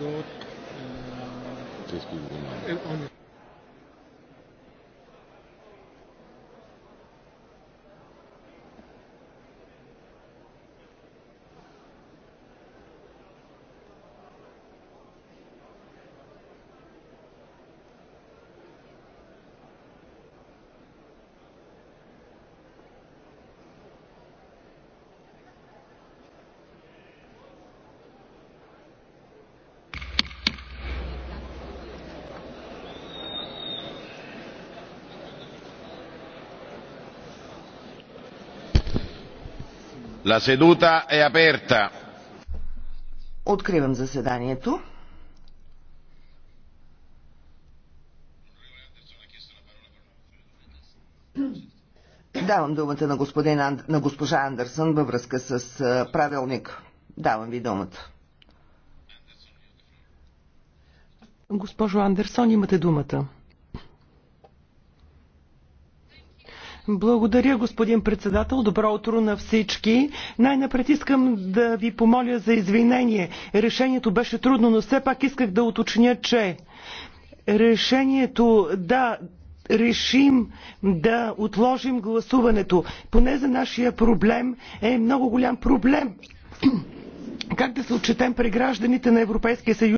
Dort, äh, La seduta è aperta. Откривам заседанието. Давам думата на, господин, на госпожа Андерсън във връзка с правилник. Давам ви думата. Госпожо Андерсон, имате думата. Благодаря, господин председател. Добро утро на всички. Най-напред искам да ви помоля за извинение. Решението беше трудно, но все пак исках да уточня, че решението да решим да отложим гласуването, поне за нашия проблем, е много голям проблем. Как да се отчетем при гражданите на Европейския съюз?